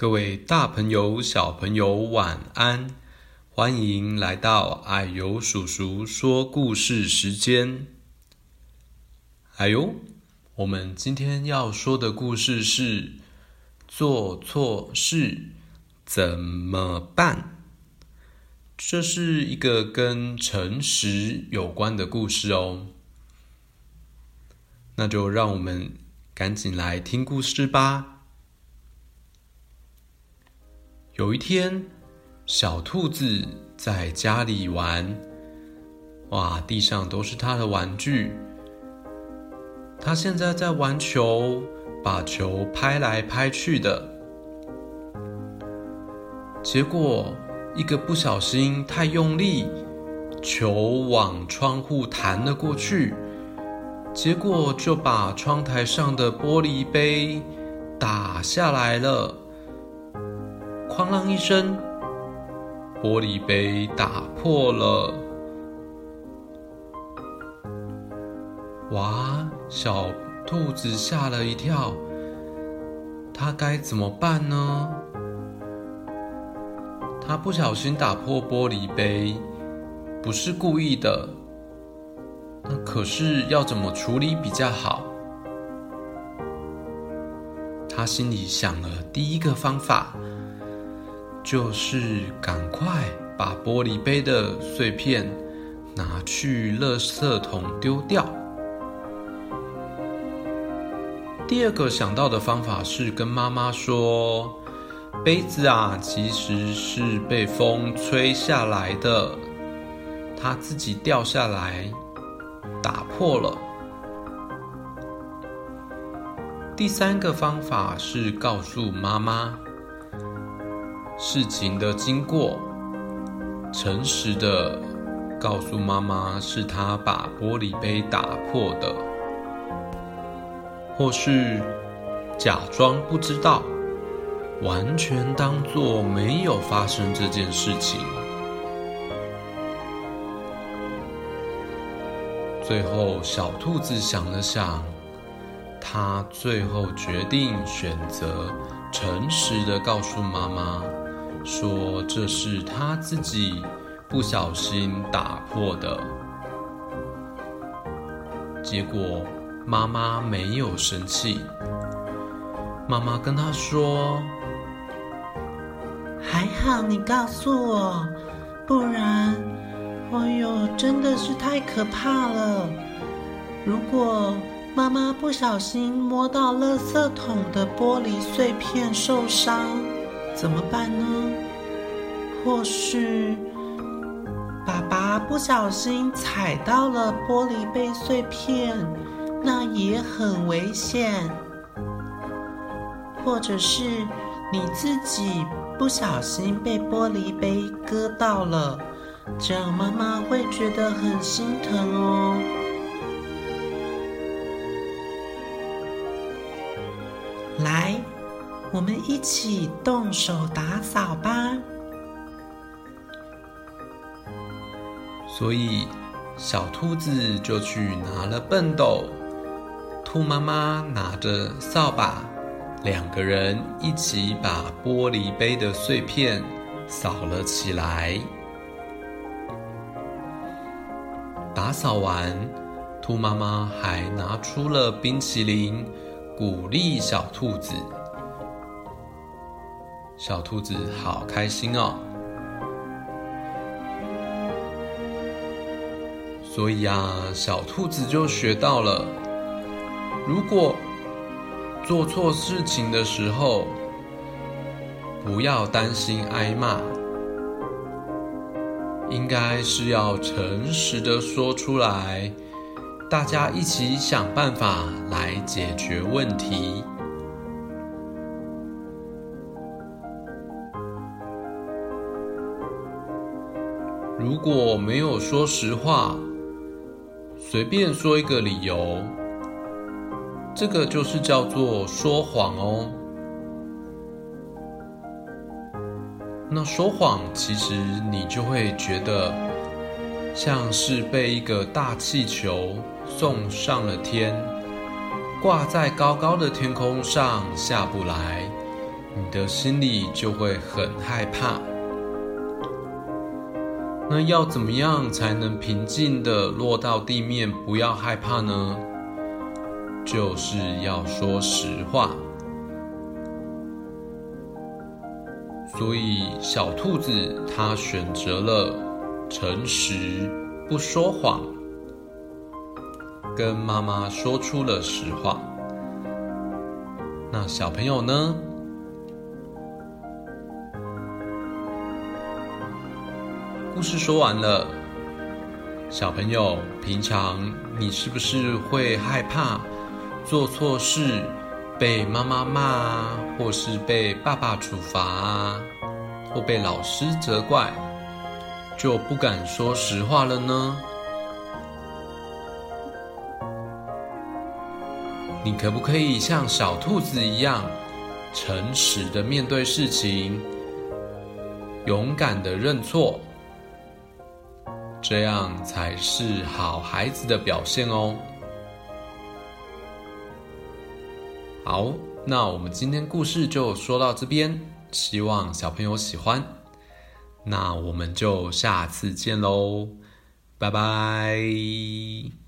各位大朋友、小朋友，晚安！歡迎來到啊呦叔叔說故事時間。啊呦，我們今天要說的故事是：做錯事怎麼辦？這是一個跟誠實有關的故事哦。那就讓我們趕緊來聽故事吧。有一天，小兔子在家裡玩，哇，地上都是它的玩具。它現在在玩球，把球拍來拍去的。結果一個不小心，太用力，球往窗戶彈了過去，結果就把窗台上的玻璃杯打下來了。哐啷一聲，玻璃杯打破了。哇，小兔子嚇了一跳。它該怎麼辦呢？它不小心打破玻璃杯，不是故意的。那可是要怎麼處理比較好？它心裡想了第一個方法。就是趕快把玻璃杯的碎片拿去垃圾桶丟掉。第二個想到的方法是跟媽媽說，杯子啊其實是被風吹下來的，它自己掉下來打破了。第三個方法是告訴媽媽。事情的經過，誠實的告訴媽媽，是他把玻璃杯打破的，或是假裝不知道，完全當作沒有發生這件事情。最後，小兔子想了想，他最後決定選擇誠實的告訴媽媽。說這是他自己不小心打破的，結果媽媽沒有生氣。媽媽跟他說：“還好你告訴我，不然，哎呦，真的是太可怕了！如果媽媽不小心摸到垃圾桶的玻璃碎片受傷。”怎麼辦呢？或是爸爸不小心踩到了玻璃杯碎片，那也很危險。或者是你自己不小心被玻璃杯割到了，這樣媽媽會覺得很心疼哦。來。我們一起動手打掃吧。所以，小兔子就去拿了畚斗，兔媽媽拿着掃把，兩個人一起把玻璃杯的碎片掃了起來。打掃完，兔媽媽還拿出了冰淇淋，鼓勵小兔子。小兔子好開心哦，所以呀，小兔子就學到了：如果做錯事情的時候，不要擔心挨罵，應該是要誠實的說出來，大家一起想辦法來解決問題。如果沒有說實話，隨便說一個理由，這個就是叫做說謊哦。那說謊，其實你就會覺得像是被一個大氣球送上了天，掛在高高的天空上，下不來，你的心裡就會很害怕。那要怎麼樣才能平靜的落到地面，不要害怕呢？就是要說實話。所以小兔子它選擇了誠實，不說謊，跟媽媽說出了實話。那小朋友呢？故事說完了，小朋友，平常你是不是會害怕做錯事，被媽媽罵啊，或是被爸爸處罰啊，或被老師責怪，就不敢說實話了呢？你可不可以像小兔子一樣，誠實的面對事情，勇敢的認錯？這樣才是好孩子的表現哦。好，那我們今天故事就說到這邊，希望小朋友喜歡。那我們就下次見嘍，拜拜。